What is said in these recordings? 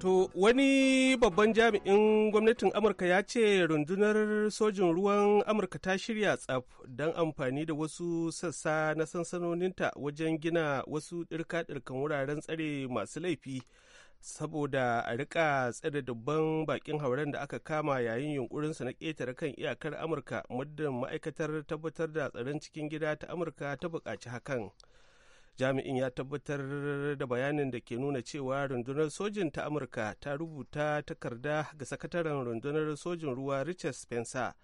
To wani babban jami'in gwamnatin Amurka ya ce rundunar sojin ruwan Amurka ta shirya tsaf don amfani da wasu sassa na sansanoninta wajen gina wasu ɗirka-ɗirkan wuraren tsare masu laifi saboda a rika tsare dubban bakin hauren da aka kama yayin yunkurinsa na ƙetare kan iyakar Amurka muddin ma'aikatar tabbatar da tsaron cikin gida ta Amurka ta buƙaci hakan. jami'in ya tabbatar da bayanin da ke nuna cewa rundunar sojin ta amurka ta rubuta takarda ga sakataren rundunar sojin ruwa richard spencer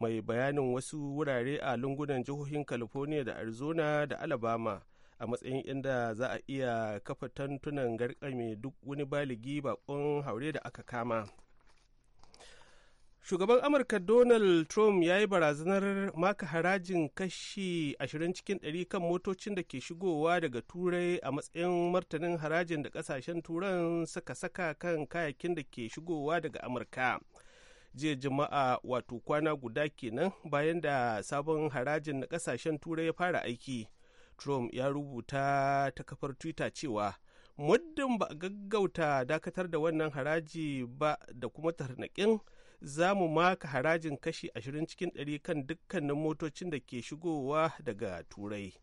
mai bayanin wasu wurare a lungunan jihohin california da arizona da alabama a matsayin inda za a iya kafa tantunan garkame duk wani baligi bakon haure da aka kama Shugaban Amurka Donald Trump ya yi barazanar maka harajin kashi 20 cikin 100 kan motocin da ke shigowa daga Turai a matsayin martanin harajin da kasashen Turan suka saka kan kayakin da ke shigowa daga Amurka. Jiya Juma'a wato kwana guda kenan bayan da sabon harajin na kasashen Turai ya fara aiki. Trump ya rubuta ta kafar Twitter cewa muddin ba gaggauta dakatar da wannan haraji ba da kuma tarnaƙin za mu maka harajin kashi 20 cikin 100 kan dukkanin motocin da ke shigowa daga turai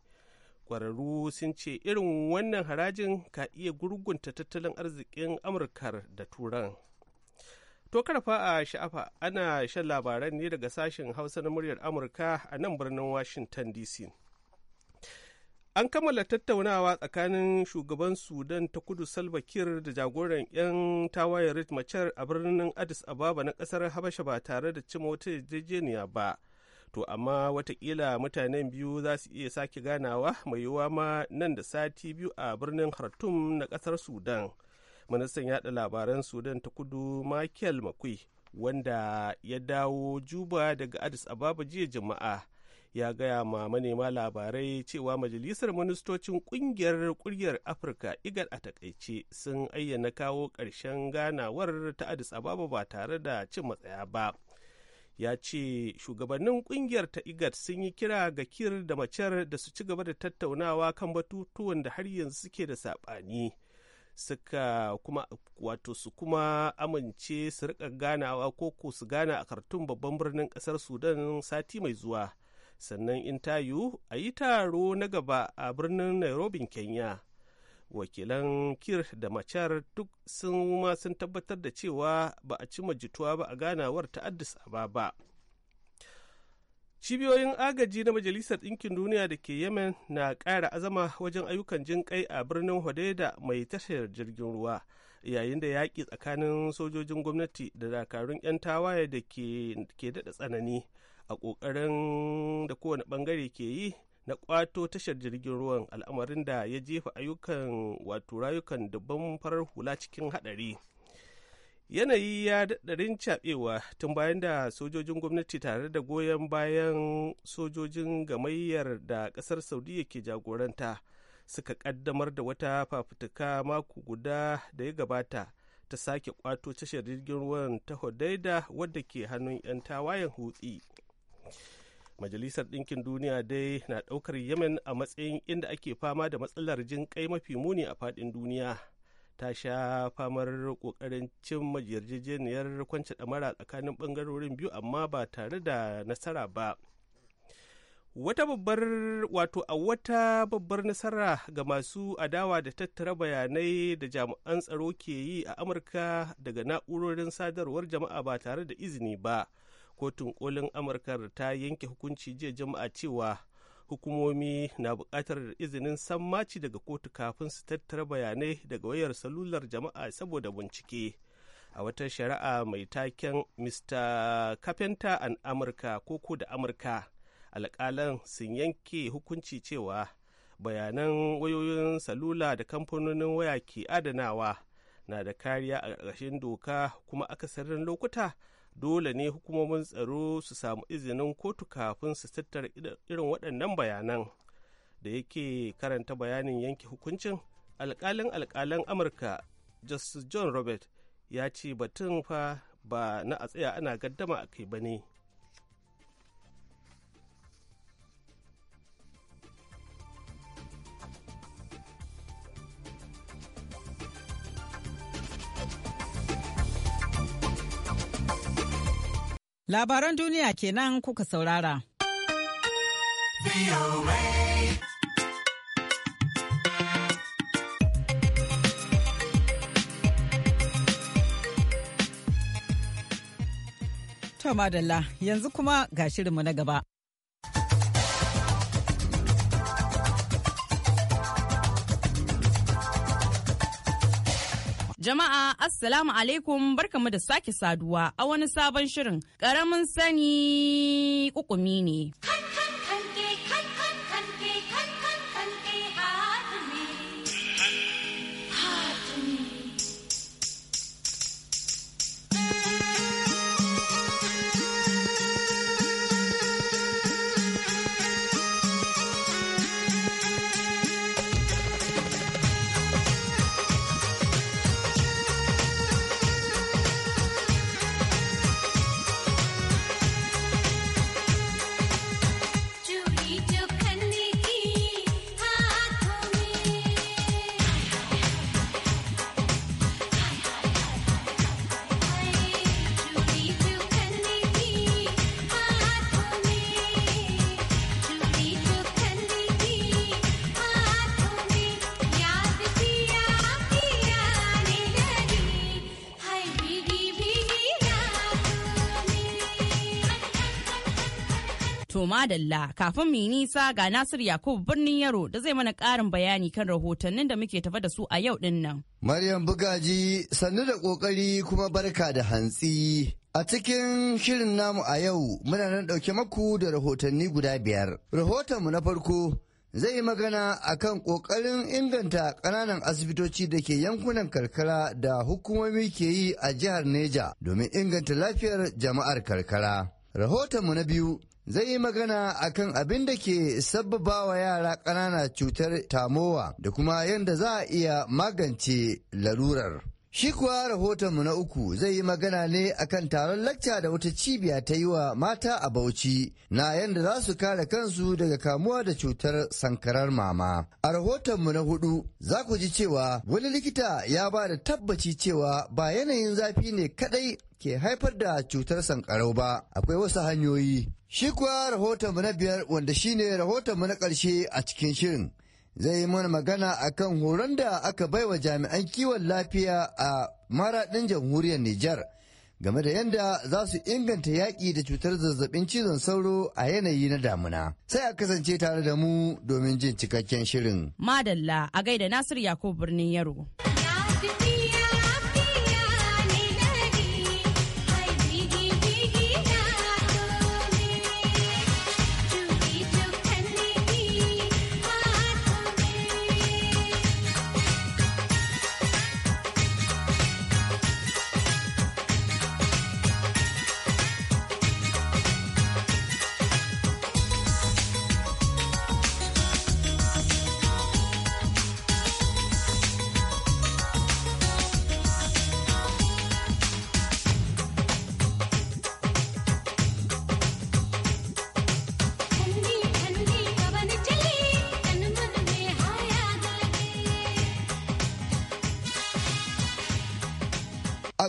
kwararru sun ce irin wannan harajin ka iya gurgunta tattalin arzikin amurkar da turan to karfa a sha'afa ana shan labaran ne daga sashen hausa na muryar amurka a nan birnin washington dc an kammala tattaunawa tsakanin shugaban sudan ta kudu salva kiir da jagoran 'yan tawayen rit machar a birnin addis ababa na kasar habasha ba tare da cima wata yarjejeniya ba to amma watakila mutanen biyu za su iya sake ganawa mai yiwuwa ma nan da sati biyu a birnin khartoum na kasar sudan ministan yada labaran sudan ta kudu michael makui wanda ya dawo juba daga addis ababa jiya jama'a ya gaya ma manema labarai cewa majalisar ministocin kungiyar kuryar afirka igar a takaice sun ayyana kawo ƙarshen ganawar ta addis ababa ba tare da cin matsaya ba ya ce shugabannin kungiyar ta Igad sun yi kira ga kir da macer da su ci gaba da tattaunawa kan batutuwan da har yanzu suke da saɓani suka kuma wato su kuma amince su rika ganawa ko ku su gana a kartun babban birnin kasar sudan sati mai zuwa sannan in ta yiwu a yi taro na gaba a birnin nairobi kenya wakilan kir da macar duk sun ma sun tabbatar da cewa ba a ci jituwa ba a ganawar ta addis ababa cibiyoyin agaji na majalisar ɗinkin duniya da ke yemen na ƙara azama wajen ayyukan jin kai a birnin hodeida mai tashar jirgin ruwa yayin da yaƙi tsakanin sojojin gwamnati da dakarun 'yan tawaye da ke daɗa tsanani a ƙoƙarin da kowane ɓangare ke yi na ƙwato tashar jirgin ruwan al'amarin da ya jefa ayyukan wato rayukan dubban farar hula cikin haɗari. yanayi ya daɗarin caɓewa tun bayan da sojojin gwamnati tare da goyon bayan sojojin gamayyar da ƙasar saudiya ke jagoranta suka ƙaddamar da wata fafutuka mako guda da ya gabata ta sake ƙwato tashar jirgin ruwan ta hodaida wadda ke hannun 'yan tawayen hutsi majalisar ɗinkin duniya dai na ɗaukar yemen a matsayin inda ake fama da matsalar jin kai mafi muni a faɗin duniya ta sha famar ƙoƙarin cin yarjejeniyar kwance ɗamara tsakanin ɓangarorin biyu amma ba tare da nasara ba wata babbar wato a wata babbar nasara ga masu adawa da tattara bayanai da jami'an tsaro ke yi a amurka daga na'urorin sadarwar jama'a ba tare da izini ba kotun kolin amurka ta yanke hukunci jiya jama'a cewa hukumomi na buƙatar izinin sammaci daga kotu kafin su tattara bayanai daga wayar salular jama'a saboda bincike a wata shari'a mai taken mr carpenter an amurka koko da amurka alƙalan sun yanke hukunci cewa bayanan wayoyin salula da kamfanonin waya ke adanawa na da kariya a ƙarƙashin doka kuma akasarin lokuta dole ne hukumomin tsaro su samu izinin kotu kafin su tattara irin waɗannan bayanan da yake karanta bayanin yanke hukuncin alkalin alkalin amurka justice john robert ya ce batun fa ba na a tsaya ana gaddama a kai ba ne Labaran duniya kenan kuka saurara. tomadala yanzu kuma ga shirinmu na gaba. Jama'a Assalamu alaikum barkamu da sake saduwa a wani sabon shirin ƙaramin sani ƙuƙumi ne. To madalla kafin mu yi nisa ga Nasir yakub birnin Yaro da zai mana ƙarin bayani kan rahotannin da muke tafa da su a yau din nan. Maryam Bugaji sannu da ƙoƙari kuma barka da hantsi. A cikin shirin namu a yau muna nan ɗauke maku da rahotanni guda biyar. Rahotonmu na farko zai yi magana a kan ƙoƙarin inganta ƙananan asibitoci da ke yankunan karkara da hukumomi ke yi a jihar Neja domin inganta lafiyar jama'ar karkara. Rahotonmu na biyu zai yi magana akan abin da ke wa yara ƙanana cutar tamowa da kuma yadda za a iya magance larurar. Shi kuwa rahotonmu na uku zai yi magana ne akan taron lacca da wata cibiya ta yi wa mata a Bauchi na yadda za su kare kansu daga kamuwa da cutar sankarar mama. A rahotonmu na hudu za ku ji cewa wani likita ya ba da tabbaci cewa ba yanayin zafi ne kadai ke haifar da cutar sankarau ba, akwai wasu hanyoyi. Shi kuwa rahoton mu na biyar wanda shi ne rahoton mu na ƙarshe a cikin shirin zai yi mana magana a kan horon da aka baiwa jami'an kiwon lafiya a maraɗin jamhuriyar Nijar game da yadda za su inganta yaƙi da cutar zazzabin cizon sauro a yanayi na damuna. Sai a kasance tare da mu domin jin cikakken shirin. Madalla a gaida Nasir Yakubu birnin Yaro.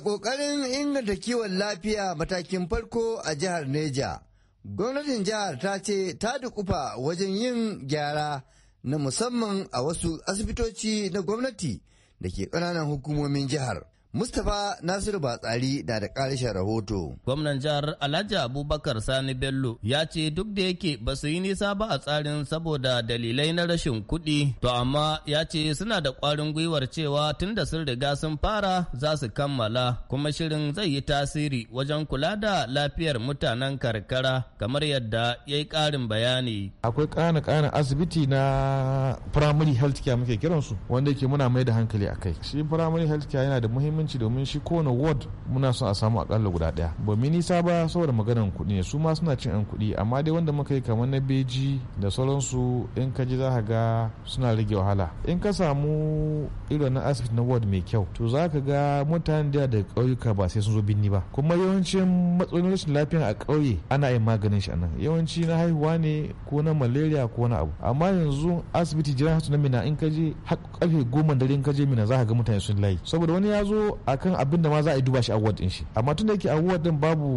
A ƙoƙarin inganta kiwon lafiya matakin farko a jihar Neja, gwamnatin jihar ta ce ta dukufa wajen yin gyara na musamman a wasu asibitoci na gwamnati da ke ƙananan hukumomin jihar. Mustapha Nasiru Batsari da da ƙarshen rahoto. Gwamnan jihar Alhaji Abubakar Sani Bello ya ce duk da yake ba su yi nisa ba a tsarin saboda dalilai na rashin kuɗi, to amma ya ce suna da ƙwarin gwiwar cewa tun da sun riga sun fara za su kammala kuma shirin zai yi tasiri wajen kula da lafiyar mutanen karkara kamar yadda ya yi ƙarin bayani. Akwai ƙana-ƙana asibiti na primary health care muke kiransu wanda yake muna mai da hankali a kai. Shi primary health care yana da muhimmanci aminci domin shi kowane ward muna son a samu akalla guda daya ba mu nisa ba saboda maganar kuɗi ne su ma suna cin yan kuɗi amma dai wanda muka yi kamar na beji da sauransu in ka ji za ka ga suna rage wahala in ka samu irin na asibiti na ward mai kyau to za ka ga mutane da daga ƙauyuka ba sai sun zo binni ba kuma yawancin matsalolin rashin lafiya a ƙauye ana yin maganin shi a nan yawanci na haihuwa ne ko na malaria ko na abu amma yanzu asibiti jiran hatu na mina in ka je har ƙarfe goma dare in ka je mina za ka ga mutane sun layi saboda wani ya zo akan abin da ma za a yi duba shi award din shi amma tun da yake award din babu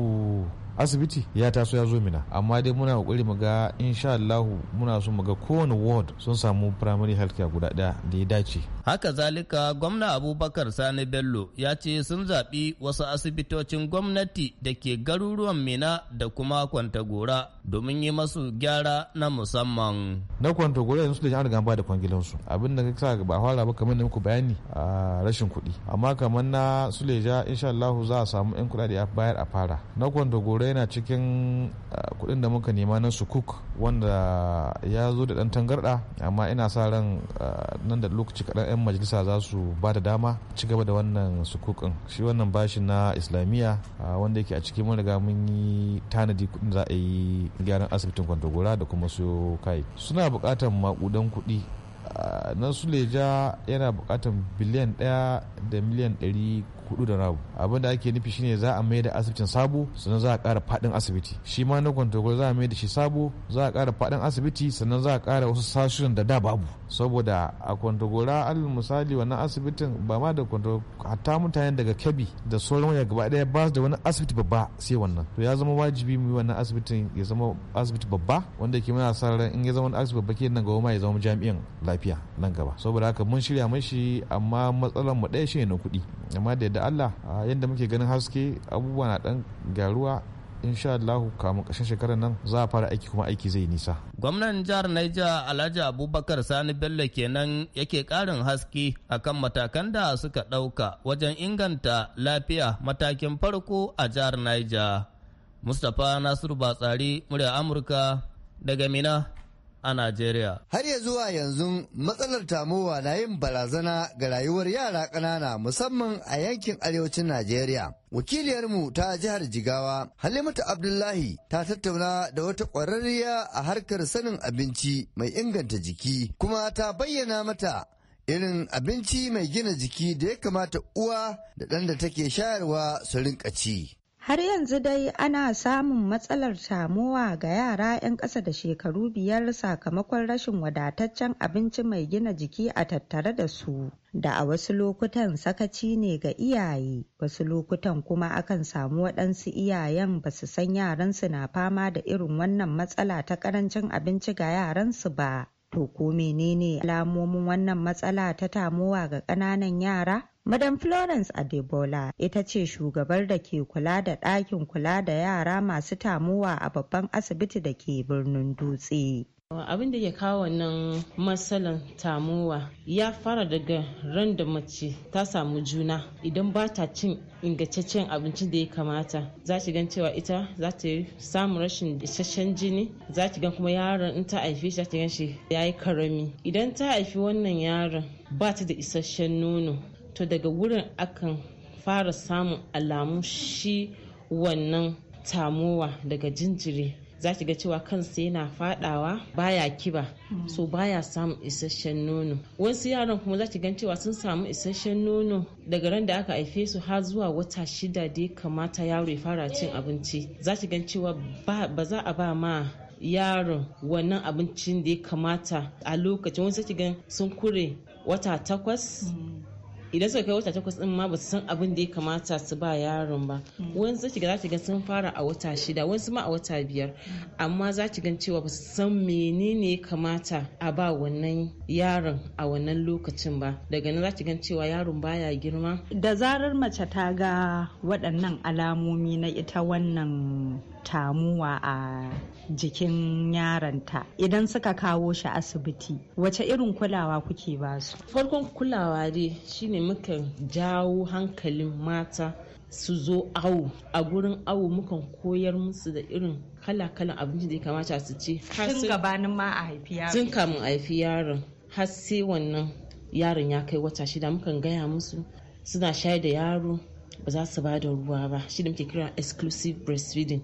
asibiti ya taso ya zo mina amma dai muna kokari mu ga insha Allah muna so mu ga kowane ward sun samu primary health care guda daya da ya dace haka zalika gwamna Abubakar Sani Bello ya ce sun zaɓi wasu asibitocin gwamnati da ke garuruwan Mina da kuma Kwantagora domin yi masu gyara na musamman na Kwantagora yanzu da an riga ba da kwangilan su abin da kasa ba fara ba kamar da muku bayani a rashin kuɗi amma kamar na Suleja insha Allah za a samu 'yan kuɗaɗe a bayar a fara na Kwantagora lura yana cikin ah, kuɗin da muka nema na sukuk wanda ya zo da ɗan tangarɗa amma ina sa ran ah, nan da lokaci kaɗan 'yan majalisa za su ba da dama ci gaba da wannan sukukin shi wannan bashi na islamiyya ah, wanda yake a cikin mun riga mun yi tanadi kuɗin za a yi gyaran asibitin kwantagora da kuma su kai suna buƙatar makudan kuɗi nan suleja yana buƙatar biliyan ɗaya da miliyan ɗari kudu da rabu abin da ake nufi shine za a mai da asibitin sabo sannan za a ƙara faɗin asibiti shi ma na kwantagol za a mai da shi sabo za a ƙara faɗin asibiti sannan za a ƙara wasu sashen da da babu saboda a kwantagora alal misali wannan asibitin ba ma da kwantagol hatta mutane daga kebbi da sauran waya gaba ɗaya ba da wani asibiti babba sai wannan to ya zama wajibi mu wannan asibitin ya zama asibiti babba wanda ke muna sa ran in ya zama asibiti babba ke nan gaba ma ya zama jami'in lafiya nan gaba saboda haka mun shirya mashi amma matsalar mu ɗaya shi ne na kuɗi amma da da Allah yadda muke ganin haske abubuwa na dan gyaruwa insha Allahu kamun ƙarshen shekarar nan za a fara aiki kuma aiki zai nisa. Gwamnan jihar Niger Alhaji Abubakar Sani Bello kenan yake ƙarin haske akan matakan da suka ɗauka wajen inganta lafiya matakin farko a jihar Niger. Mustapha Nasiru Batsari murya Amurka daga Mina a Najeriya. Har ya zuwa yanzu matsalar tamowa na yin barazana ga rayuwar yara ƙanana musamman a yankin arewacin Najeriya. Wakiliyarmu ta jihar Jigawa, Halimatu Abdullahi ta tattauna da wata ƙwararriya a harkar sanin abinci mai inganta jiki, kuma ta bayyana mata irin abinci mai gina jiki da ya kamata uwa da ɗan da take shayarwa su rinka ci. har yanzu dai ana samun matsalar tamowa ga yara 'yan ƙasa da shekaru biyar sakamakon rashin wadataccen abinci mai gina jiki a tattare da su da a wasu lokutan sakaci ne ga iyaye wasu lokutan kuma akan samu waɗansu iyayen ba su san yaransu na fama da irin wannan matsala ta ƙarancin abinci ga yaransu ba to ko menene alamomin wannan matsala ta tamowa ga ƙananan yara Madam Florence Adebola ita ce shugabar da ke kula da ɗakin kula da yara masu tamuwa a babban asibiti da ke birnin dutse. abin da ya kawo wannan matsalan tamuwa ya fara daga ran da mace ta samu juna idan ba ta cin ingantaccen abincin da ya kamata za ki gan cewa ita za ta yi rashin isasshen jini za ki gan kuma yaron in ta haifi shi za ki gan shi ya yi karami idan ta haifi wannan yaron ba ta da isasshen nono to daga wurin akan fara samun alamu shi wannan tamowa daga jinjiri za ki ga cewa kansa yana fadawa baya kiba so baya samun isasshen nono wasu yaran kuma za ki gan cewa sun samu isasshen nono daga ran da aka haife su har zuwa wata shida da ya kamata yaro ya fara cin abinci za ki gan cewa ba za a ba ma yaron wannan abincin da ya kamata a lokacin wasu ki gan sun kure wata takwas mm. idan suka kai wata takwas din ma ba su san abin da ya kamata su ba yaron ba mm. wani zaki ga zaki ga sun fara a wata shida wasu ma a wata biyar mm. amma za ki gan cewa ba su san menene ya kamata a ba wannan yaron a wannan lokacin ba daga nan za ki gan cewa yaron baya girma da zarar mace ta ga waɗannan alamomi na ita wannan tamuwa a jikin yaranta idan suka kawo shi asibiti wace irin kulawa kuke ba su farkon kulawa dai shine mukan jawo hankalin mata su zo awo a gurin awo mukan koyar musu da irin kala-kalan abinci da ya kamata su ci tun gabanin a haifi yaron kamun haifi yaron har sai wannan yaron ya kai wata shida mukan gaya musu suna shayar da yaro ba za su ba da ruwa ba shi da muke kira exclusive breastfeeding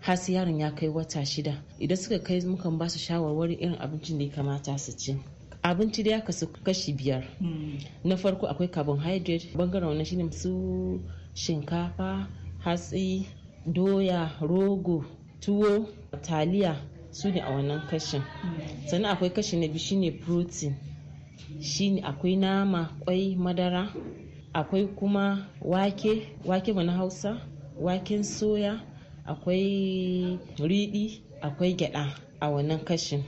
har sai yaron ya kai wata shida idan suka kai mukan ba su shawarwari irin abincin da ya kamata su ci abinci da ya kasu kashi biyar na farko akwai carbohydrate bangaren wannan shine su shinkafa hatsi doya rogo tuwo taliya su ne a wannan kashin sannan akwai kashi na biyu shine protein shine akwai nama kwai madara akwai kuma wake wake mu hausa waken soya akwai riɗi akwai gyaɗa a wannan kashin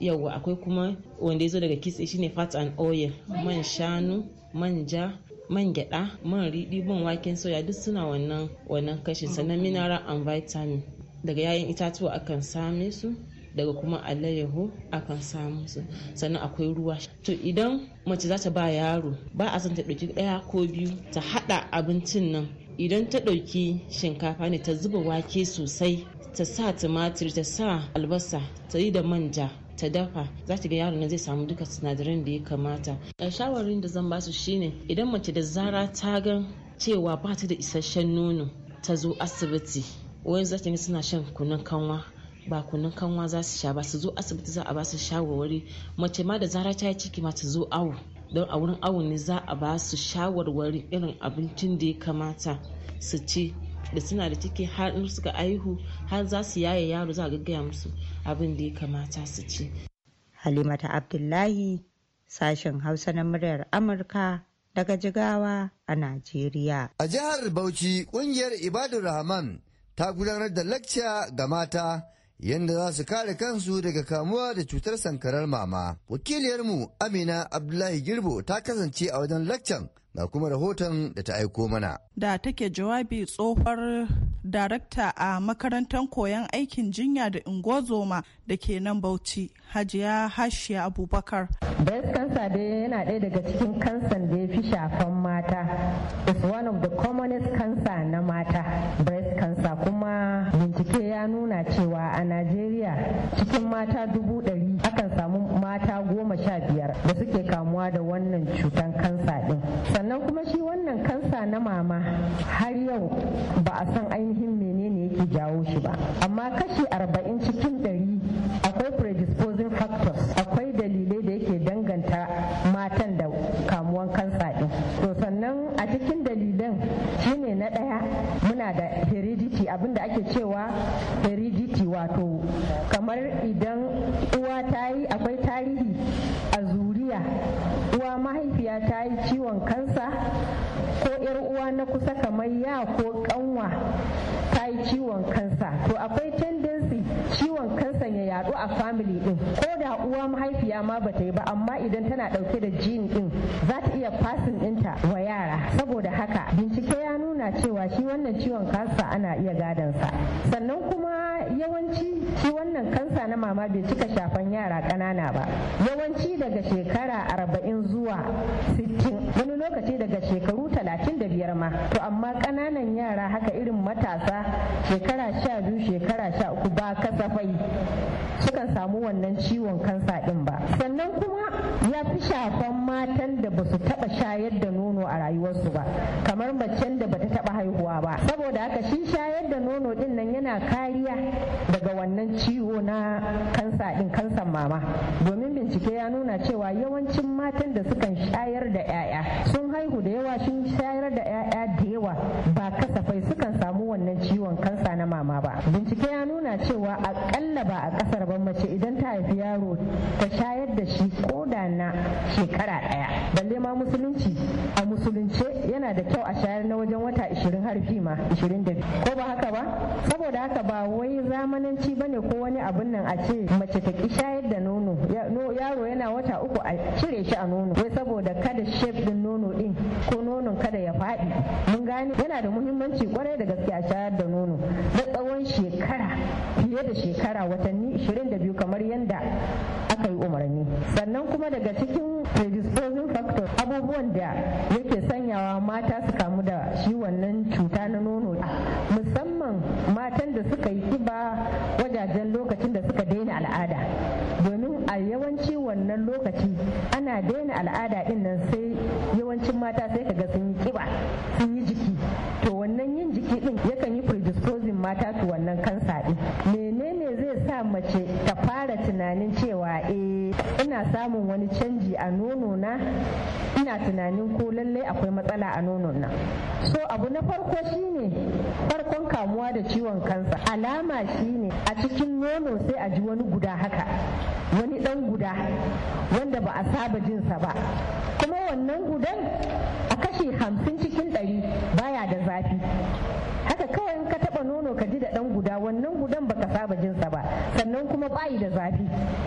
yauwa akwai kuma wanda ya zo daga kitse shine fat and oil man shanu man ja man gyaɗa man riɗi man waken soya duk suna wannan wannan kashin sannan mineral and vitamin daga yayin itatuwa akan same su daga kuma alayyahu akan samu su sannan akwai ruwa to idan mace za ta ba yaro ba a son ta ɗauki ɗaya ko biyu ta haɗa abincin nan idan ta ɗauki shinkafa ne ta zuba wake sosai ta sa tumatir ta sa albasa ta yi da manja ta dafa za ta ga yaro na zai samu duka sinadaran da ya kamata shawarin da zan basu shine idan mace da zara ta gan cewa ba ta da isasshen nono ta zo asibiti wani zata suna shan kunun kanwa ba kanwa za su sha ba su zo asibiti za a ba su shawarwari mace ma da zara ta yi ciki ma ta zo awo don a wurin awo ne za a ba su shawarwari irin abincin da ya kamata su ci da suna da ciki har in suka aihu har za su yaye yaro za a gaggaya musu abin da ya kamata su ci. Halimata Abdullahi sashen Hausa na muryar Amurka daga Jigawa a Najeriya. A jihar Bauchi ƙungiyar Ibadu Rahman ta gudanar da lacca ga mata yadda za su kare kansu daga kamuwa da cutar sankarar mama. Wakiliyarmu Amina Abdullahi Girbo ta kasance a wajen laccan ga kuma rahoton da ta aiko mana. Da take jawabi tsohuwar darakta a makarantar koyon aikin jinya da ingozoma da ke nan Bauchi, Hajiya Hashiya Abubakar. Breast cancer dai yana ɗaya daga cikin kansan da ya fi shafan mata. It's one of the commonest cancer na mata. bincike ya nuna cewa a najeriya cikin mata dubu ɗari akan samu mata goma sha biyar da suke kamuwa da wannan cutan kansa ɗin sannan kuma shi wannan kansa na mama har yau ba a san ainihin menene yake jawo shi ba yawanci shi wannan kansa na mama bai cika shafan yara kanana ba yawanci daga shekara arba'in zuwa sittin wani lokaci daga shekaru talatin da biyar ma to amma ƙananan yara haka irin matasa shekara sha biyu shekara sha uku ba kasafai sukan samu wannan ciwon kansa ɗin ba sannan kuma ya fi shafan matan da ba su taɓa shayar da nono a rayuwarsu ba kamar macen da bata taɓa haihuwa ba saboda haka shi shayar da nono ɗin nan yana kariya daga wannan ciwo ciwo na kansa din kansan mama domin bincike ya nuna cewa yawancin matan da sukan shayar da 'ya'ya sun haihu da yawa sun shayar da 'ya'ya da yawa ba kasafai sukan samu wannan ciwon kansa na mama ba bincike ya nuna cewa akalla ba a kasar ban mace idan ta haifi yaro ta shayar da shi koda na shekara ɗaya balle ma musulunci a musulunce yana da kyau a shayar na wajen wata 20 fi ma 20 ko ba haka ba saboda haka ba wai zamananci bane ko wani abun nan a ce mace ta ki shayar da nono yaro yana wata uku a cire shi a nono wai saboda kada shape din nono din ko nonon kada ya faɗi mun gane yana da muhimmanci kwarai da gaske a shayar da nono na tsawon shekara fiye da shekara watanni 22 kamar yadda aka yi umarni sannan kuma daga cikin predisposing factor abubuwan da yake sanyawa mata su kamu da shi wannan cuta na nono musamman matan da suka yi kiba wajajen lokacin da suka daina al'ada domin a yawanci wannan lokaci ana daina al'ada din nan sai yawancin mata sai kaga sun yi kiba sun yi jiki to wannan yin jiki din yakan yi predisposing mata su wannan kansa din sa mace ta fara tunanin cewa eh ina samun wani canji a nono na ina tunanin ko lallai akwai matsala a nonon nan so abu na farko shine farkon kamuwa da ciwon kansa alama shine a cikin nono sai a ji wani guda haka wani dan guda wanda ba a saba jinsa ba kuma wannan gudan a kashi hamsin cikin ɗari baya da zafi dan guda wannan gudan baka saba jinsa ba sannan kuma bayi da zafi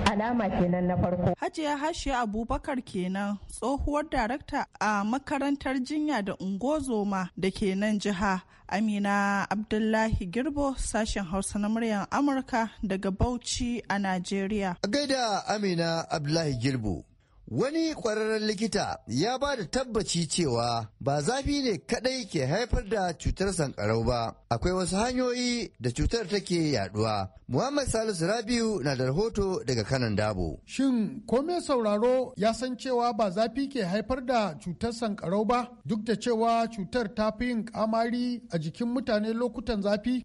alama kenan na farko hajiya Hashi abubakar kenan tsohuwar darakta a makarantar jinya da ungozoma da ke nan jiha amina abdullahi girbo sashen hausa na muryar amurka daga bauchi a najeriya gaida amina abdullahi girbo Wani ƙwararren likita ya ba da tabbaci cewa ba zafi ne kaɗai ke haifar da cutar sankarau ba, akwai wasu hanyoyi da cutar take yaduwa. Muhammad Salisu Rabiu na da rahoto daga kanan dabo. Shin kome sauraro ya san cewa ba zafi ke haifar da cutar sankarau ba, duk da cewa cutar ta fi yin kamari a jikin mutane lokutan zafi?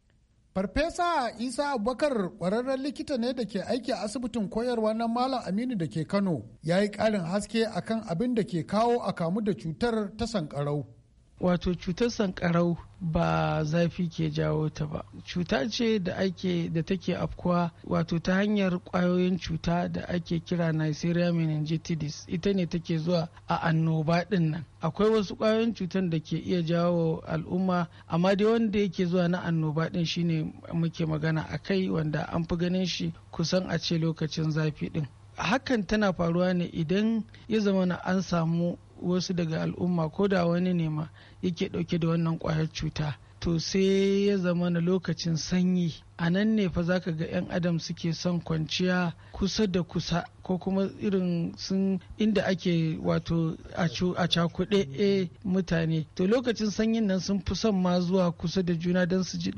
Farfesa Isa Abubakar ƙwararren likita ne da ke aiki a asibitin koyarwa na Malam Aminu da ke Kano ya yi ƙarin haske akan abin da ke kawo a kamu da cutar ta sankarau. wato cutar sankarau ba zafi ke jawo ta ba cuta ce da ake da take afkuwa wato ta hanyar kwayoyin cuta da ake kira Neisseria meningitidis ita ne take zuwa a annoba din nan akwai wasu kwayoyin cutar da ke iya jawo al'umma amma dai wanda yake zuwa na annoba din shine muke magana a kai wanda an fi ganin shi kusan a ce lokacin zafi din hakan tana faruwa ne idan ya zama an samu wasu daga al'umma ko da wani ne ma yake ɗauke da wannan kwayar cuta to sai ya zama na lokacin sanyi a nan ne fa zaka ga 'yan adam suke son kwanciya kusa da kusa ko kuma irin sun inda ake wato a cakuɗe e mutane to lokacin sanyin nan sun fi son ma zuwa kusa da juna don su ji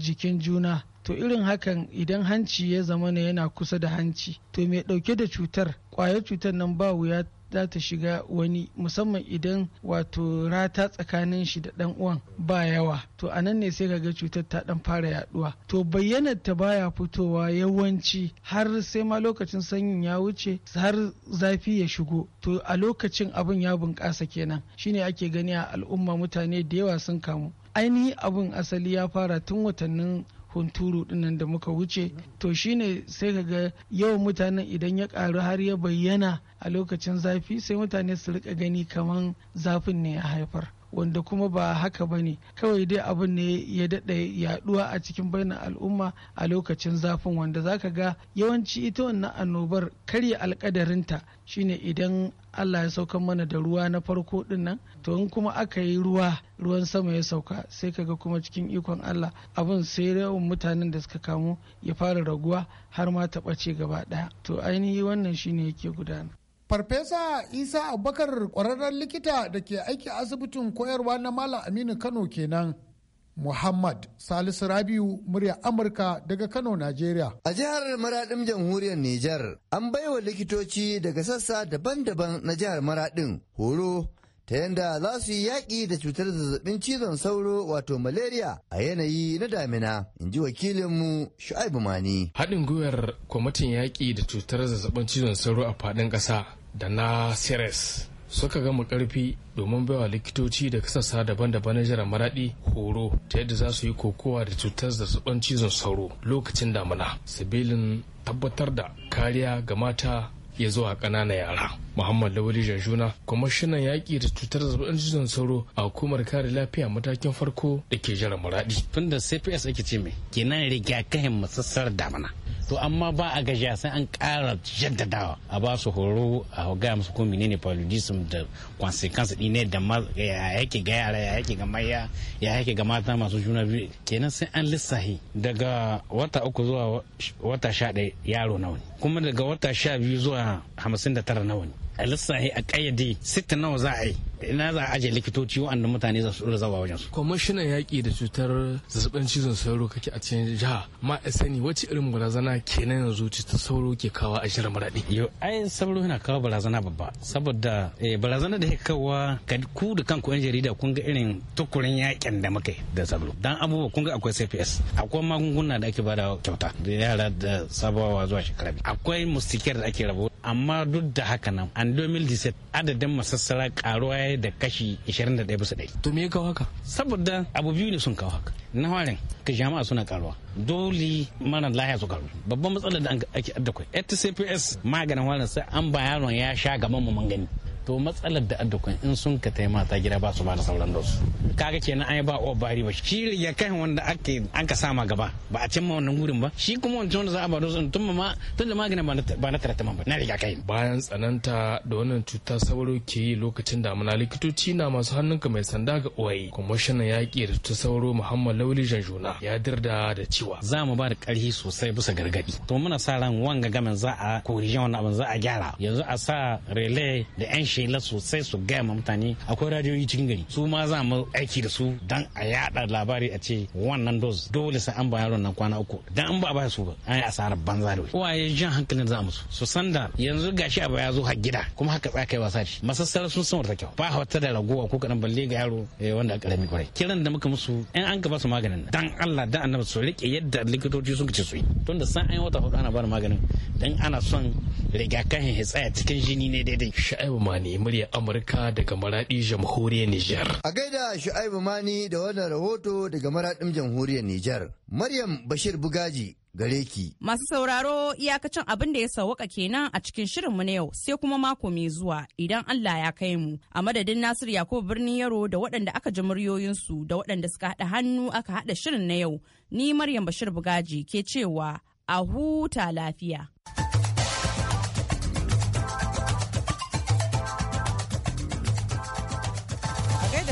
jikin juna to irin hakan idan hanci ya zama na yana kusa da hanci to mai ɗauke da cutar kwayar cutar nan ba wuya za ta shiga wani musamman idan wato rata tsakanin shi da dan uwan ba yawa to a nan ne sai kaga cutar ta dan fara yaduwa to bayyanar ta baya fitowa yawanci har sai ma lokacin sanyin ya wuce har zafi ya shigo to a lokacin abin ya bunƙasa kenan shine ake gani a al'umma mutane da yawa sun kamu ainihin abin asali ya fara tun watannin hunturu dinnan da muka wuce to shine sai kaga yawan mutanen idan ya karu har ya bayyana a lokacin zafi sai mutane su rika gani kaman zafin ne ya haifar wanda kuma ba haka ba ne kawai dai abin ne ya daɗa yaɗuwa a cikin bainar al'umma a lokacin zafin wanda zaka ga yawanci ita wannan annobar karya alkadarinta shine idan Allah ya sauka mana da ruwa na farko dinnan to in kuma aka yi ruwa ruwan sama ya sauka sai kaga kuma cikin ikon Allah abin sai yawan mutanen da suka kamu ya fara raguwa har ma ta ɓace gaba ɗaya to ainihi wannan shine yake gudana Farfesa Isa Abubakar kwararren likita da ke aiki asibitin koyarwa na Malam Aminu Kano kenan. Muhammad Salisu Rabiu murya Amurka daga Kano, Najeriya. A jihar Maradin jamhuriyar Nijar, an baiwa likitoci daga sassa daban-daban na jihar Maradin horo ta yadda za su yi yaƙi da cutar zazzabin cizon sauro wato malaria a yanayi na damina in ji wakilinmu shu'aibu mani haɗin gwiwar kwamitin yaƙi da cutar zazzabin cizon sauro a faɗin ƙasa da na ceres suka gama ƙarfi domin baiwa likitoci da sassa daban-daban na jiran maraɗi horo ta yadda za su yi kokowa da cutar zazzabin cizon sauro lokacin damina sabilin tabbatar da kariya ga mata ya zo a ƙanana yara. Muhammad Lawali Janjuna, kwamishinan yaƙi da cutar zazzabin cizon sauro a hukumar kare lafiya matakin farko da ke jiran muradi. da CPS ake ce mai kenan rigakafin masassar damana. to amma ba a gajiya sai an ƙara jaddadawa a ba su horo a gaya musu ko menene paludism da consequence din ne da ya yake ga yara ya yake ga maya ya yake ga mata masu juna biyu kenan sai an lissahi daga wata uku zuwa wata sha ɗaya yaro nawa ne kuma daga wata sha biyu zuwa hamsin da tara nawa ne Eh, a lissahi a kayyade sittin nawa za a yi ina za a ajiye likitoci wa'anda mutane za su ɗora zawa wajen su. kwamishinan yaƙi da cutar zazzabin cizon sauro kake a cikin jiha ma a sani wacce irin barazana kenan yanzu cutar sauro ke kawo a shirin maraɗi. yo ai sauro yana kawo barazana babba saboda eh, barazana da ya kawo ka ku da kanku yan jarida kun ga irin tukurin yaƙin da muka da sauro dan abubuwa kun ga akwai cps akwai magunguna da ake bada kyauta da yara da sabawa zuwa shekara akwai mustikiyar da ake rabo amma duk da haka nan an 2017 adadin masassara karuwa ya da kashi 21 bisa ɗari. To me ya kawo haka? Saboda abu biyu ne sun kawo haka. Na harin ka jama'a suna karuwa. Dole mara lahiya su karu. Babban matsalar da ake addakwai. HCPS maganin harin sai an ba yaron ya sha gaban mu mangani to matsalar da addukun in sun ka tai mata gida ba su ba da sauran su kaga kenan an yi ba uwa bari ba shi ya kai wanda ake an ka sama gaba ba a cimma wannan gurin ba shi kuma wancan wanda za a ba dosu tun ma tun da maganin ba na tarata ba na riga kai bayan tsananta da wannan cuta sauro ke yi lokacin damuna likitoci na masu hannun ka mai sanda ga uwaye kwamishinan yaƙi da cuta sauro muhammad lauli janjuna ya dirda da cewa za mu ba da ƙarfi sosai bisa gargaɗi to muna sa ran wanga gamin za a korijan wannan abin za a gyara yanzu a sa relay da 'yan shela sosai su gaya ma mutane akwai radiyoyi cikin gari su ma za mu aiki da su dan a yada labari a ce wannan dose dole sai an ba yaron nan kwana uku dan an ba ba su ba an asarar banza da waye jan hankalin za mu su san da yanzu gashi a ya zo har gida kuma haka tsakai wasa shi masassara sun san wata kyau ba wata da ragowa ko kadan balle ga yaro eh, wanda a karami kwarai kiran da muka musu in an ka ba su maganin dan Allah da annabi su rike yadda likitoci sun ce su yi tun da san an wata hudu ana ba maganin dan ana son rigakafin ya tsaya cikin jini ne daidai sha'ibu mani ne muryar Amurka daga Maradi jamhuriyar Nijar. A gaida Shu'aibu Mani da wannan rahoto daga Maradin jamhuriyar Nijar. Maryam Bashir Bugaji gare ki. Masu sauraro iyakacin abin da ya sauwaka kenan a cikin shirin mu na yau sai kuma mako mai zuwa idan Allah ya kai mu. A madadin Nasiru Yakubu birnin Yaro da waɗanda aka ji muryoyinsu da waɗanda suka haɗa hannu aka haɗa shirin na yau. Ni Maryam Bashir Bugaji ke cewa a huta lafiya.